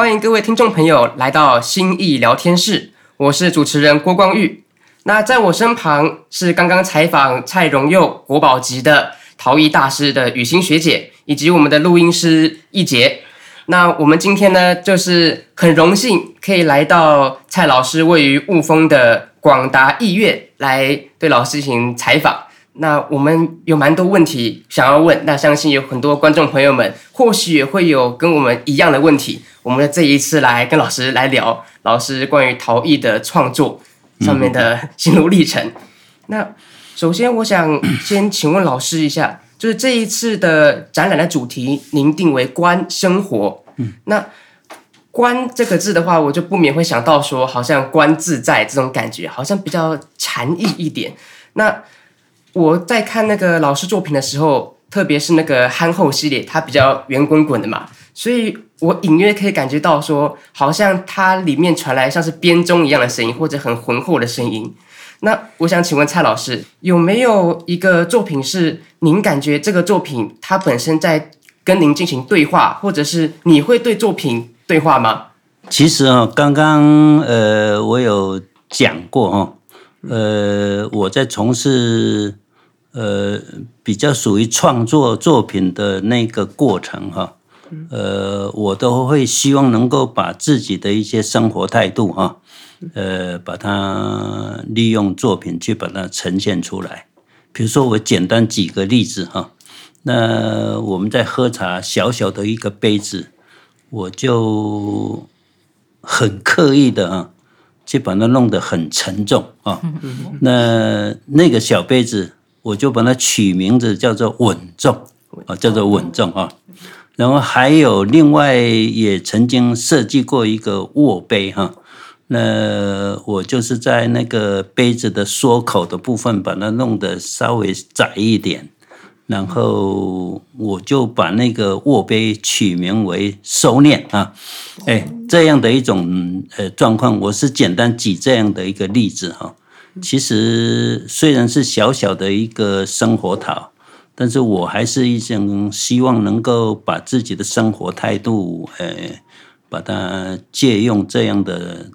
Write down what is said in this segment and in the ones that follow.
歡迎各位聽眾朋友來到興藝聊天室，我是主持人郭光裕。那在我身旁是剛剛採訪蔡榮祐國寶級的陶藝大師的語心學姐，以及我們的錄音師易杰。那我們今天呢，就是很榮幸可以來到蔡老師位於霧峰的廣達藝苑來對老師進行採訪。那我們有蠻多問題想要問，那相信有很多觀眾朋友們或許也會有跟我們一樣的問題。我們這一次來跟老師來聊老師關於陶藝的創作上面的心路歷程。嗯、那首先，我想先請問老師一下，就是這一次的展覽的主題，您定為“觀生活”。嗯，那“觀”這個字的話，我就不免會想到說，好像“觀自在”這種感覺，好像比較禪意一點。那我在看那個老師作品的時候，特別是那個憨厚系列，它比較圓滾滾的嘛，所以。我隱約可以感覺到說，說好像它裡面傳來像是編鐘一樣的聲音，或者很渾厚的聲音。那我想請問蔡老師，有沒有一個作品是您感覺這個作品它本身在跟您進行對話，或者是你會對作品對話嗎？其實啊、哦，剛剛呃，我有講過哈、哦，呃，我在從事呃比較屬於創作作品的那個過程哈、哦。呃，我都會希望能夠把自己的一些生活態度啊，呃，把它利用作品去把它呈現出來。比如說，我簡單舉個例子哈，那我們在喝茶，小小的一個杯子，我就很刻意的啊，去把它弄得很沉重啊。那那個小杯子，我就把它取名字叫做穩重啊，叫做穩重啊。然後還有另外也曾經設計過一個握杯哈，那我就是在那個杯子的縮口的部分把它弄得稍微窄一點，然後我就把那個握杯取名為收斂啊，哎這樣的一種呃狀況，我是簡單舉這樣的一個例子哈，其實雖然是小小的一個生活陶。但是我還是一種希望能夠把自己的生活態度，呃、欸，把它借用這樣的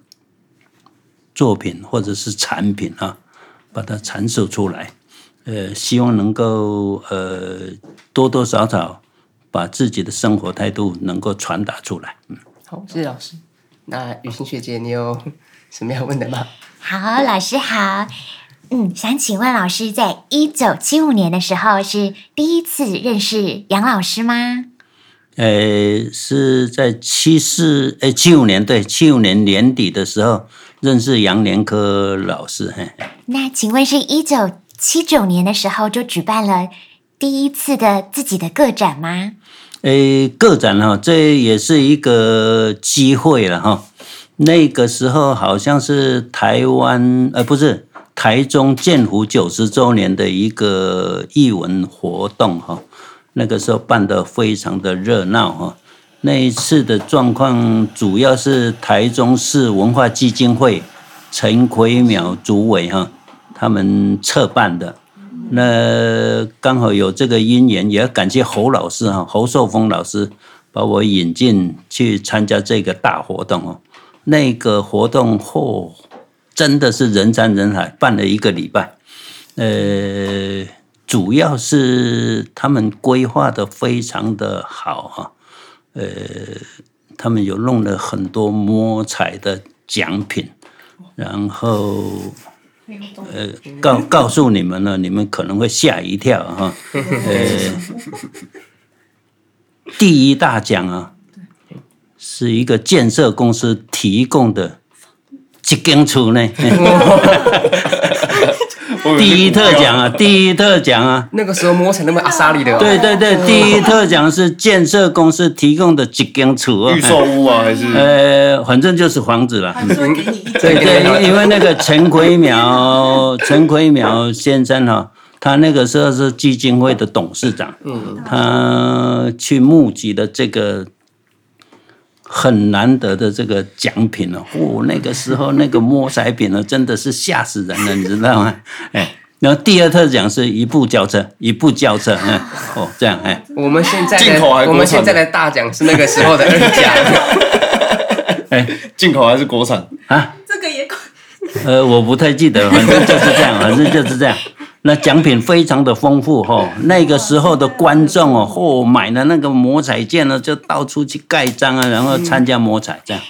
作品或者是產品啊，把它闡述出來。呃、欸，希望能夠呃多多少少把自己的生活態度能夠傳達出來。嗯，好，謝謝老師。那語心學姐、嗯，你有什麼要問的嗎？好，老師好。嗯，想請問老師，在一九七五年的時候是第一次認識楊老師嗎？呃，是在七四呃、哎、七五年對，七五年年底的時候認識楊聯科老師。哈，那請問是一九七九年的時候就舉辦了第一次的自己的個展嗎？呃，個展哈，這也是一個機會了哈。那個時候好像是台灣呃不是，台中建府九十周年的一個藝文活動哈，那個時候辦得非常的熱鬧哈。那一次的狀況主要是台中市文化基金會陳奎淼主委哈，他們策辦的。那剛好有這個因緣，也要感謝侯老師哈，侯壽峰老師把我引進去參加這個大活動哦。那個活動後。哦真的是人山人海，辦了一個禮拜，呃，主要是他們規劃的非常的好啊。呃，他們有弄了很多摸彩的獎品，然後，呃，告告訴你們了，你們可能會嚇一跳哈，呃， 第一大獎啊，是一個建設公司提供的。幾間厝呢？哦？ 第一特獎啊，第一特獎啊！那個時候摸彩那麼阿殺里的，啊。對對對，第一特獎是建設公司提供的幾間厝啊，預售屋啊，還是？呃，反正就是房子了。對對，因為那個陳奎苗，陳奎苗先生哈，喔，他那個時候是基金會的董事長，他去募集的這個。很難得的這個獎品哦，哦，那個時候那個摸彩品呢，真的是嚇死人了，你知道嗎？ 哎，然後第二特獎是一部轎車，一部轎車，嗯，哎，哦，這樣，哎，我們現在進口還是國產？我們現在的大獎是那個時候的二獎， 哎，進口還是國產啊？這個也，呃，我不太記得， 反正就是這樣，反正就是這樣。那獎品非常的豐富哈，哦，那個時候的觀眾哦，或，哦、買的那個摸彩券呢，就到處去蓋章啊，然後參加摸彩這樣，啊，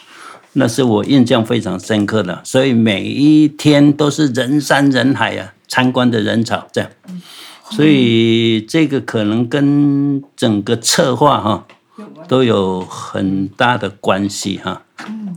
那是我印象非常深刻的，所以每一天都是人山人海啊，參觀的人潮這樣，所以這個可能跟整個策劃哈、啊、都有很大的關係哈、啊。嗯嗯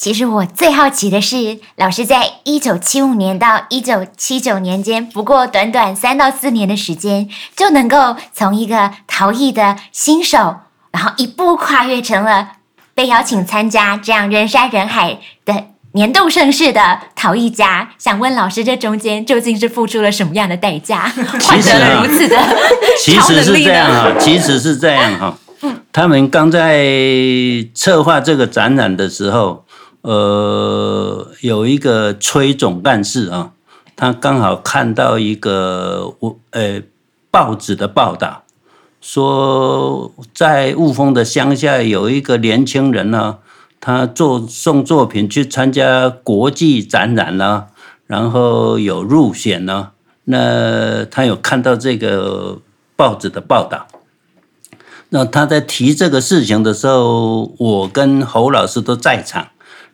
其實我最好奇的是，老師在一九七五年到一九七九年間，不過短短三到四年的時間，就能夠從一個陶藝的新手，然後一步跨越成了被邀請參加這樣人山人海的年度盛事的陶藝家。想問老師，這中間究竟是付出了什麼樣的代價，其實啊、換得了如此的超能力呢？其實是這樣哈，其實是這樣哈。他們剛在策劃這個展覽的時候。呃，有一個崔總幹事啊，他剛好看到一個我呃，報紙的報道說在霧峰的鄉下有一個年輕人呢、啊，他做送作品去參加國際展覽了、啊，然後有入選呢、啊。那他有看到這個報紙的報道那他在提這個事情的時候，我跟侯老師都在場。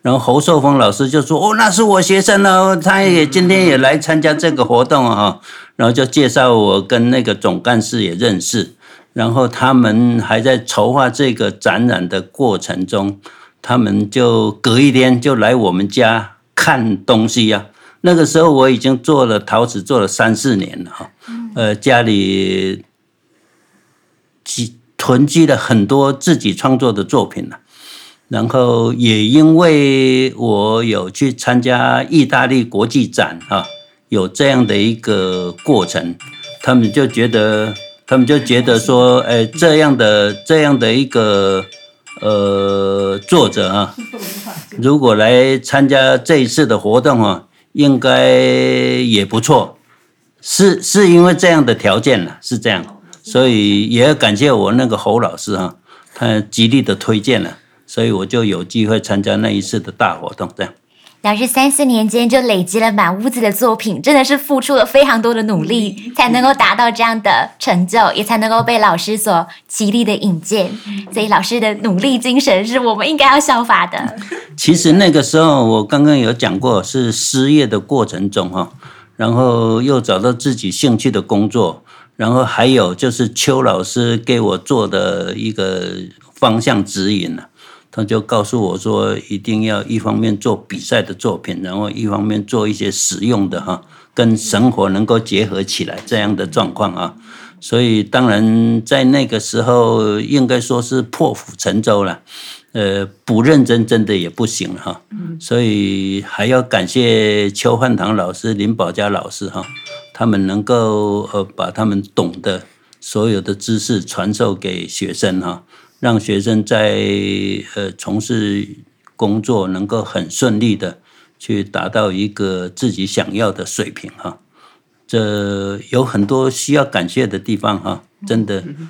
然後侯壽峰老師就說：“哦，那是我學生哦，他也今天也來參加這個活動哦。”然後就介紹我跟那個總幹事也認識。然後他們還在籌劃這個展覽的過程中，他們就隔一天就來我們家看東西呀。那個時候我已經做了陶瓷做了三四年了哈，呃，家裡積囤積了很多自己創作的作品了。然後也因為我有去參加意大利國際展啊，有這樣的一個過程，他們就覺得，他們就覺得說，哎，這樣的這樣的一個呃作者啊，如果來參加這一次的活動啊，應該也不錯，是是因為這樣的條件了啊，是這樣，所以也要感謝我那個侯老師啊，他極力的推薦了啊。所以我就有機會參加那一次的大活動，這樣。老師三四年間就累積了滿屋子的作品，真的是付出了非常多的努力，才能夠達到這樣的成就，也才能夠被老師所極力的引薦。所以老師的努力精神是我們應該要效法的。其實那個時候我剛剛有講過，是失業的過程中哈，然後又找到自己興趣的工作，然後還有就是邱老師給我做的一個方向指引呢。他就告訴我說，一定要一方面做比賽的作品，然後一方面做一些實用的哈，跟生活能夠結合起來這樣的狀況啊。所以當然在那個時候，應該說是破釜沉舟了，呃，不認真真的也不行哈。所以還要感謝邱煥堂老師、林葆家老師哈，他們能夠呃把他們懂的所有的知識傳授給學生哈。讓學生在呃從事工作能夠很順利的去達到一個自己想要的水平哈，這有很多需要感謝的地方哈，真的。嗯、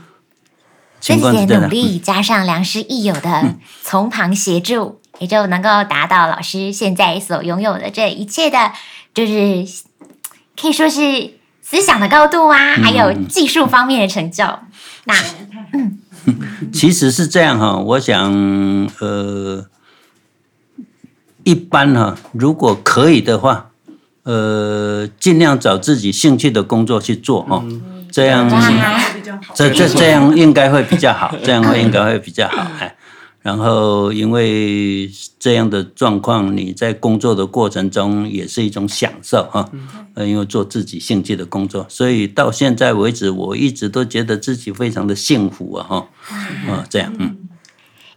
這，這些努力加上良師益友的從旁協助，也就能夠達到老師現在所擁有的這一切的，就是可以說是思想的高度啊，嗯、還有技術方面的成就。嗯、其實，是這樣哈，我想，呃，一般哈，如果可以的話，呃，盡量找自己興趣的工作去做哦、嗯，這樣這樣這這，這樣應該會比較好， 這樣應該會比較好， 哎。然後，因為這樣的狀況，你在工作的過程中也是一種享受哈。嗯，因為做自己興趣的工作，所以到現在為止，我一直都覺得自己非常的幸福啊哈。啊，啊，這樣。嗯，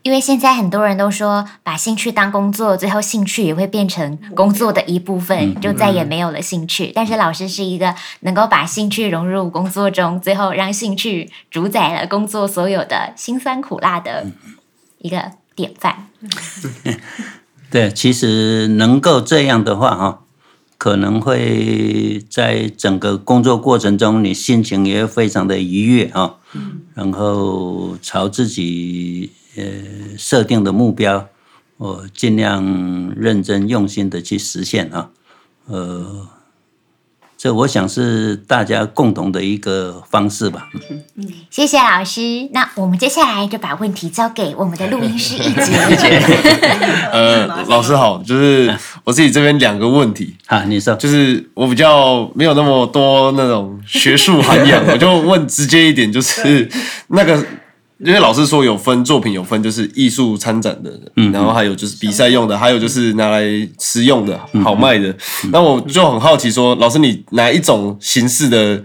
因為現在很多人都說把興趣當工作，最後興趣也會變成工作的一部分，就再也沒有了興趣。但是老師是一個能夠把興趣融入工作中，最後讓興趣主宰了工作所有的辛酸苦辣的。一個典範， 對，其實能夠這樣的話哈，可能會在整個工作過程中，你心情也非常的愉悅啊。然後朝自己呃設定的目標，我盡量認真用心的去實現啊，呃。這我想是大家共同的一個方式吧，嗯。謝謝老師，那我們接下來就把問題交給我們的錄音師一。一 呃，老師好，就是我自己這邊兩個問題哈，啊，你說，就是我比較沒有那麼多那種學術涵養， 我就問直接一點，就是那個因為老師說有分作品，有分就是藝術參展的、嗯嗯，然後還有就是比賽用的，還有就是拿來實用的、嗯、好賣的。那、嗯、我就很好奇說，說老師你哪一種形式的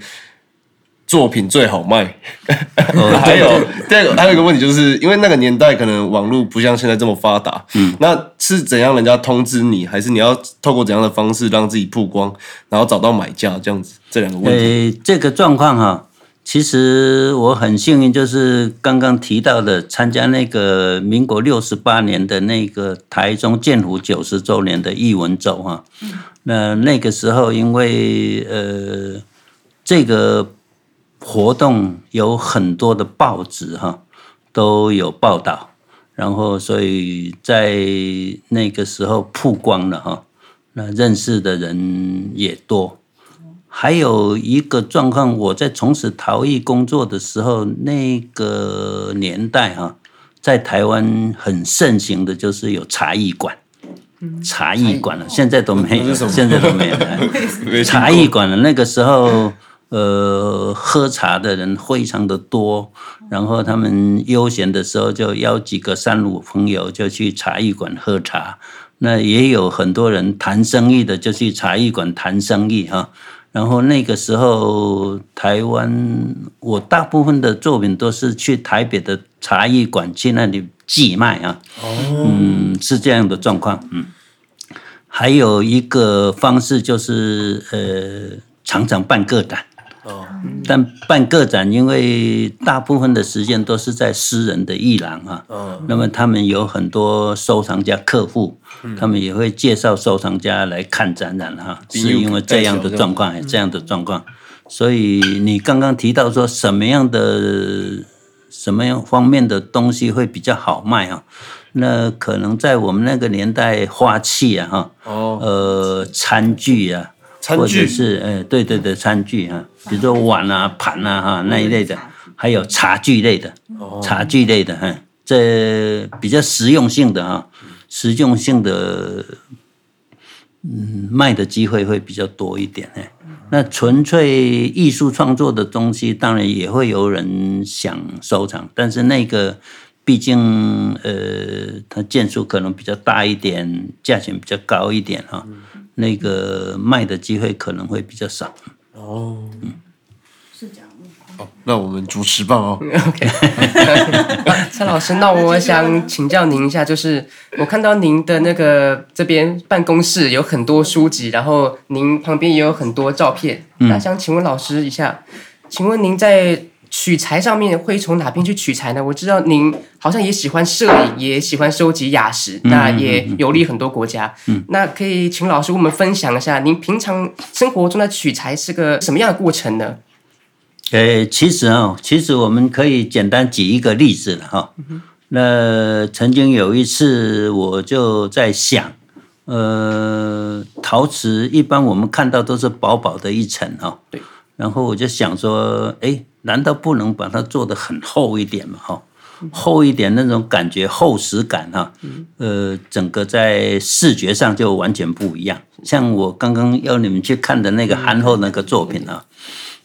作品最好賣？嗯、 還有對第二個還有一個問題，就是因為那個年代可能網絡不像現在這麼發達，嗯，那是怎樣人家通知你，還是你要透過怎樣的方式讓自己曝光，然後找到買家這樣子？這兩個問題，這個狀況哈。其實我很幸運，就是剛剛提到的參加那個民國六十八年的那個台中建府九十周年的藝文週哈、嗯，那那個時候因為呃這個活動有很多的報紙哈都有報道然後所以在那個時候曝光了哈，那認識的人也多。還有一個狀況，我在從事陶藝工作的時候，那個年代啊，在台灣很盛行的就是有茶藝館，茶藝館了，現在都沒有，現在都沒有了，茶藝館了。那個時候，呃，喝茶的人非常的多，然後他們悠閒的時候就邀幾個三五朋友就去茶藝館喝茶，那也有很多人談生意的就去茶藝館談生意哈、啊。然後那個時候，台灣我大部分的作品都是去台北的茶藝館去那裡寄賣啊，oh. 嗯，是這樣的狀況，嗯，還有一個方式就是呃，常常辦個展。哦，但辦個展，因為大部分的時間都是在私人的藝廊哈、啊，那麼他們有很多收藏家客戶，他們也會介紹收藏家來看展覽哈，是因為這樣的狀況，這樣的狀況。所以你剛剛提到說什麼樣的、什麼樣方面的東西會比較好賣啊？那可能在我們那個年代，花器啊，哈，呃，餐具啊。餐具，或者是呃對，對對的餐具啊，比如說碗啊、Okay. 盤啊哈，那一類的，還有茶具類的，茶具類的哈，Oh. 這比較實用性的啊，實用性的嗯，賣的機會會比較多一點。Oh. 那純粹藝術創作的東西，當然也會有人想收藏，但是那個畢竟呃它件數可能比較大一點，價錢比較高一點哈。Oh. 嗯那個賣的機會可能會比較少哦，嗯，是這樣。哦、oh,，那我們主持吧。哦。OK， 啊、蔡老師，那我想請教您一下，就是我看到您的那個這邊辦公室有很多書籍，然後您旁邊也有很多照片，那、嗯啊、想請問老師一下，請問您在。取材上面會從哪邊去取材呢？我知道您好像也喜歡攝影，嗯、也喜歡收集雅石那、嗯、也遊歷很多國家、嗯。那可以請老師跟我們分享一下、嗯，您平常生活中的取材是個什麼樣的過程呢？欸、其實啊、哦，其實我們可以簡單舉一個例子了哈、哦嗯。那曾經有一次，我就在想，呃，陶瓷一般我們看到都是薄薄的一層哈、哦。對。然後我就想說，哎、欸。難道不能把它做得很厚一點嗎？厚一點那種感覺厚實感哈，呃，整個在視覺上就完全不一樣。像我剛剛要你們去看的那個憨厚那個作品啊，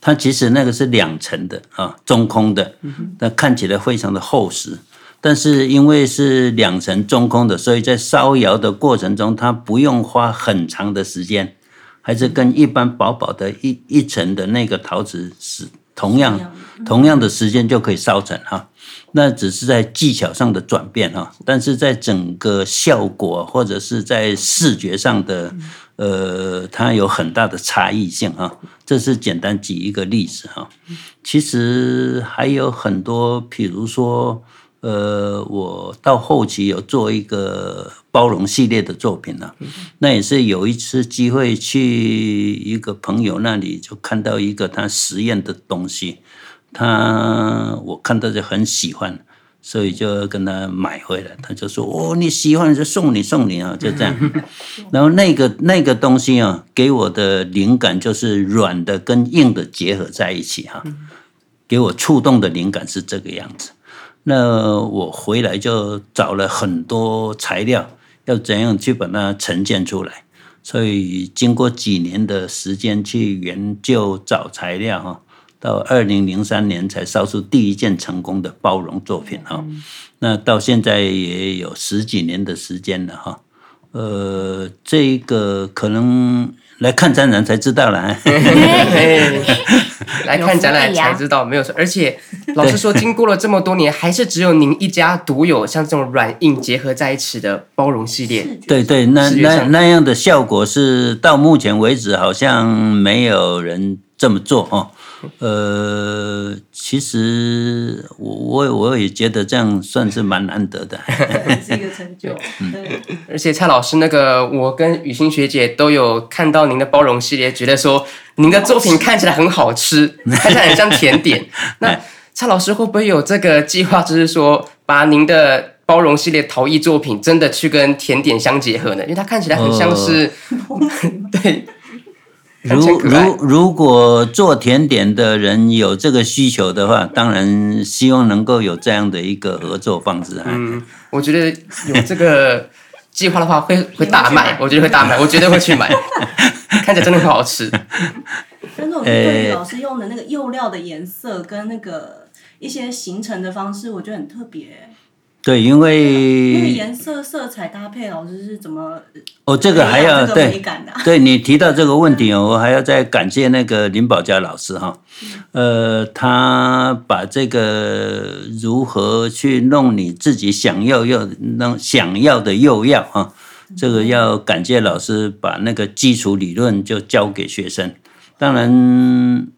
它其實那個是兩層的啊，中空的，但看起來非常的厚實。但是因為是兩層中空的，所以在燒窯的過程中，它不用花很長的時間，還是跟一般薄薄的一一層的那個陶瓷是。同樣，同樣的時間就可以燒成哈，那只是在技巧上的轉變啊。但是在整個效果或者是在視覺上的，呃，它有很大的差異性啊。這是簡單舉一個例子哈，其實還有很多，比如說。呃，我到後期有做一個包容系列的作品了，那也是有一次機會去一個朋友那裡，就看到一個他實驗的東西，他我看到就很喜歡，所以就跟他買回來。他就說：“哦，你喜歡就送你送你啊！”就這樣。然後那個那個東西啊，給我的靈感就是軟的跟硬的結合在一起哈，給我觸動的靈感是這個樣子。那我回來就找了很多材料，要怎樣去把它呈現出來？所以經過幾年的時間去研究找材料哈，到二零零三年才燒出第一件成功的包容作品哈。嗯。那到現在也有十幾年的時間了哈。呃，這個可能。來看展覽才知道了，哎， 來看展覽才知道沒有錯，而且老師說，經過了這麼多年， 還是只有您一家獨有，像這種軟硬結合在一起的包容系列，對對，那那那，那樣的效果是到目前為止好像沒有人這麼做哦。呃，其實我我我也覺得這樣算是蠻難得的， 是一個成就。而且蔡老師，那個我跟語心學姐都有看到您的包容系列，覺得說您的作品看起來很好吃，看起來很像甜點。 那蔡老師會不會有這個計劃，就是說把您的包容系列陶藝作品真的去跟甜點相結合呢？因為它看起來很像是、哦、 對。如如如果做甜點的人有這個需求的話，當然希望能夠有這樣的一個合作方式。嗯，啊，我覺得有這個計劃的話會，會會大賣買，我覺得會大賣，我絕對會去買， 看着真的很好吃。真的，我覺得老師用的那個釉料的顏色跟那個一些形成的方式，我覺得很特別。對，因為、嗯那個、顏色色彩搭配老師是怎麼、啊？哦，這個還要對，啊、對你提到這個問題我還要再感謝那個林寶嘉老師哈。呃，他把這個如何去弄你自己想要要想要的又要啊，這個要感謝老師把那個基礎理論就教給學生。當然，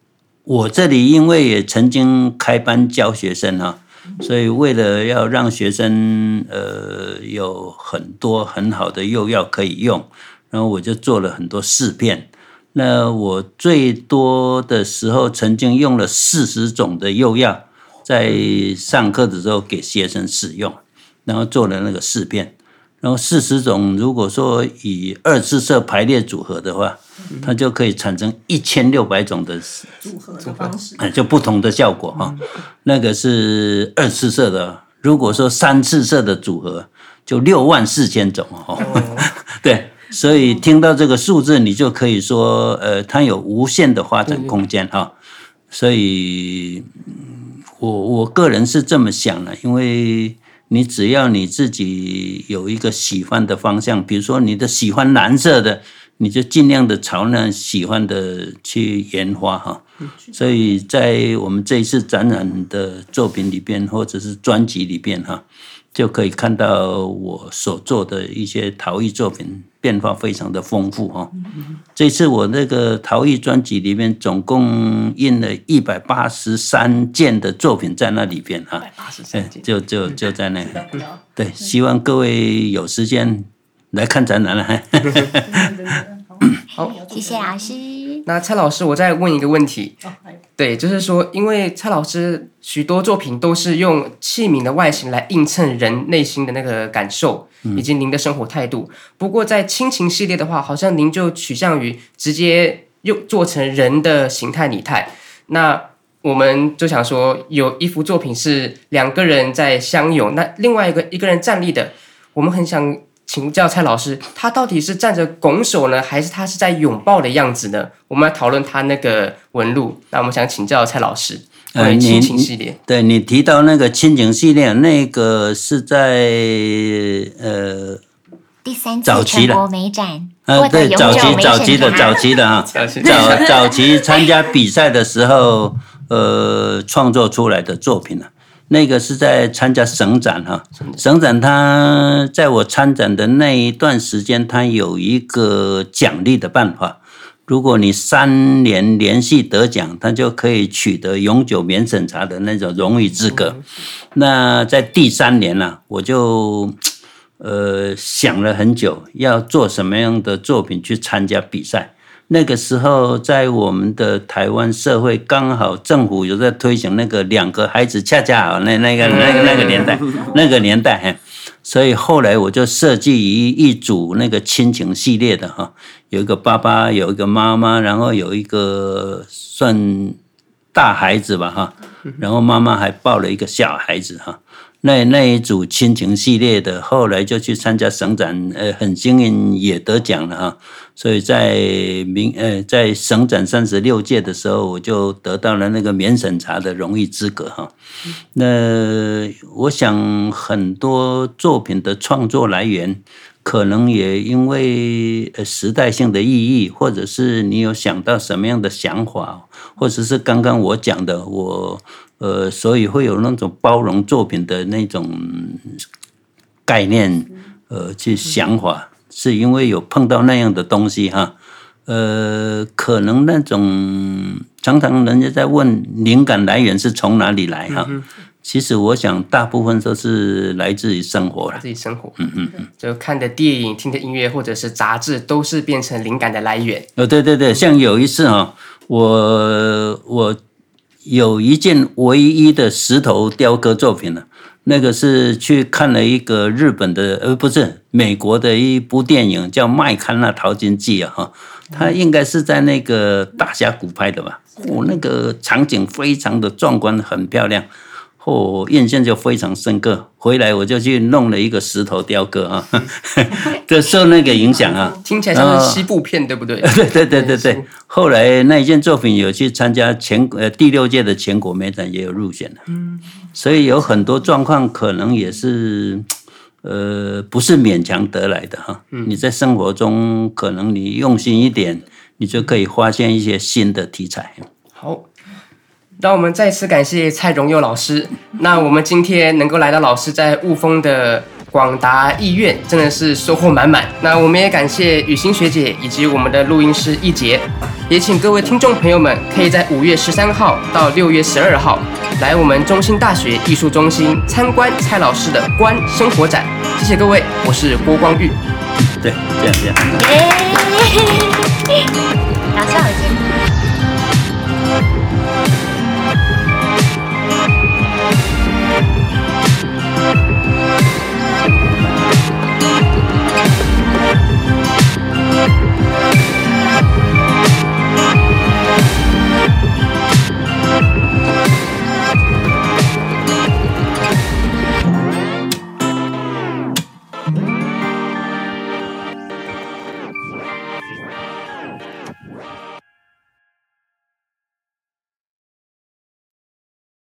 我這裡因為也曾經開班教學生啊。所以，為了要讓學生呃有很多很好的釉藥可以用，然後我就做了很多試片。那我最多的時候曾經用了四十種的釉藥，在上課的時候給學生試用，然後做了那個試片。然後四十種，如果說以二次色排列組合的話，嗯、它就可以產生一千六百種的組合的方式，就不同的效果哈、哦嗯。那個是二次色的，如果說三次色的組合，就六萬四千種哦。哦 對，所以聽到這個數字，你就可以說，呃，它有無限的發展空間哈、哦。所以，我我個人是這麼想的，因為。你只要你自己有一個喜歡的方向，比如說你的喜歡藍色的，你就盡量的朝那喜歡的去研發哈、嗯。所以在我們這一次展覽的作品裡邊，或者是專輯裡邊哈。就可以看到我所做的一些陶藝作品，變化非常的豐富哦。嗯嗯嗯、這次我那個陶藝專輯裡面總共印了一百八十三件的作品在那裡邊啊，八十三，就就就在那個、嗯，對，希望各位有時間來看展覽了哈。 好，謝謝老師。那蔡老師，我再問一個問題。哦對，就是說，因為蔡老師許多作品都是用器皿的外形來映襯人內心的那個感受，以及您的生活態度。嗯。不過在，在親情系列的話，好像您就取向於直接又做成人的形態、擬態。那我們就想說，有一幅作品是兩個人在相擁，那另外一個一個人站立的，我們很想。請教蔡老師，他到底是站着拱手呢，還是他是在擁抱的樣子呢？我們來討論他那個紋路。那我們想請教蔡老師，呃，親情系列，呃、你對你提到那個親情系列，那個是在呃，第三早期的國美展，呃，對，早期早期的，的早期的哈，早期的、哦、 早，早期參加比賽的時候，呃，創作出來的作品呢？那個是在參加省展哈、啊，省展他在我參展的那一段時間，他有一個獎勵的辦法，如果你三年連續得獎，他就可以取得永久免審查的那種榮譽資格、嗯嗯。那在第三年呢、啊，我就呃想了很久，要做什麼樣的作品去參加比賽。那個時候，在我們的台灣社會，剛好政府有在推行那個兩個孩子恰恰好，那那個那個、那個、那個年代，那個年代哈，所以後來我就設計一一組那個親情系列的哈，有一個爸爸，有一個媽媽，然後有一個算大孩子吧哈，然後媽媽還抱了一個小孩子哈。那那一組親情系列的，後來就去參加省展，呃，很幸運也得獎了哈。所以在明呃在省展三十六屆的時候，我就得到了那個免審查的榮譽資格哈。嗯、那我想很多作品的創作來源，可能也因為呃，時代性的意義，或者是你有想到什麼樣的想法，或者是剛剛我講的我。呃，所以會有那種包容作品的那種概念，呃，去想法，是因為有碰到那樣的東西哈。呃，可能那種常常人家在問靈感來源是從哪裡來哈，嗯。其實我想大部分都是來自於生活了，來自於生活，嗯嗯嗯，就看的電影、聽的音樂或者是雜誌，都是變成靈感的來源。哦，對對對，像有一次啊，我我。有一件唯一的石頭雕刻作品了，那個是去看了一個日本的，呃，不是美國的一部電影，叫《麥肯納淘金記》啊，哈，它應該是在那個大峽谷拍的吧？哦，那個場景非常的壯觀，很漂亮。後、哦、印象就非常深刻，回來我就去弄了一個石頭雕刻啊，就受那個影響啊，聽起來像是西部片，呃，對不對？對對對對對。對，後來那一件作品有去參加全呃第六屆的全國美展，也有入選的。嗯，所以有很多狀況可能也是呃不是勉強得來的哈。嗯，你在生活中可能你用心一點，你就可以發現一些新的題材。好。讓我們再次感謝蔡榮祐老師。那我們今天能夠來到老師在霧峰的廣達藝苑，真的是收穫滿滿。那我們也感謝雨欣學姐以及我們的錄音師易杰。也請各位聽眾朋友們，可以在五月十三號到六月十二號來我們中興大學藝術中心參觀蔡老師的觀生活展。謝謝各位，我是郭光裕。對，這樣，這樣。兩、yeah. 下 好聽。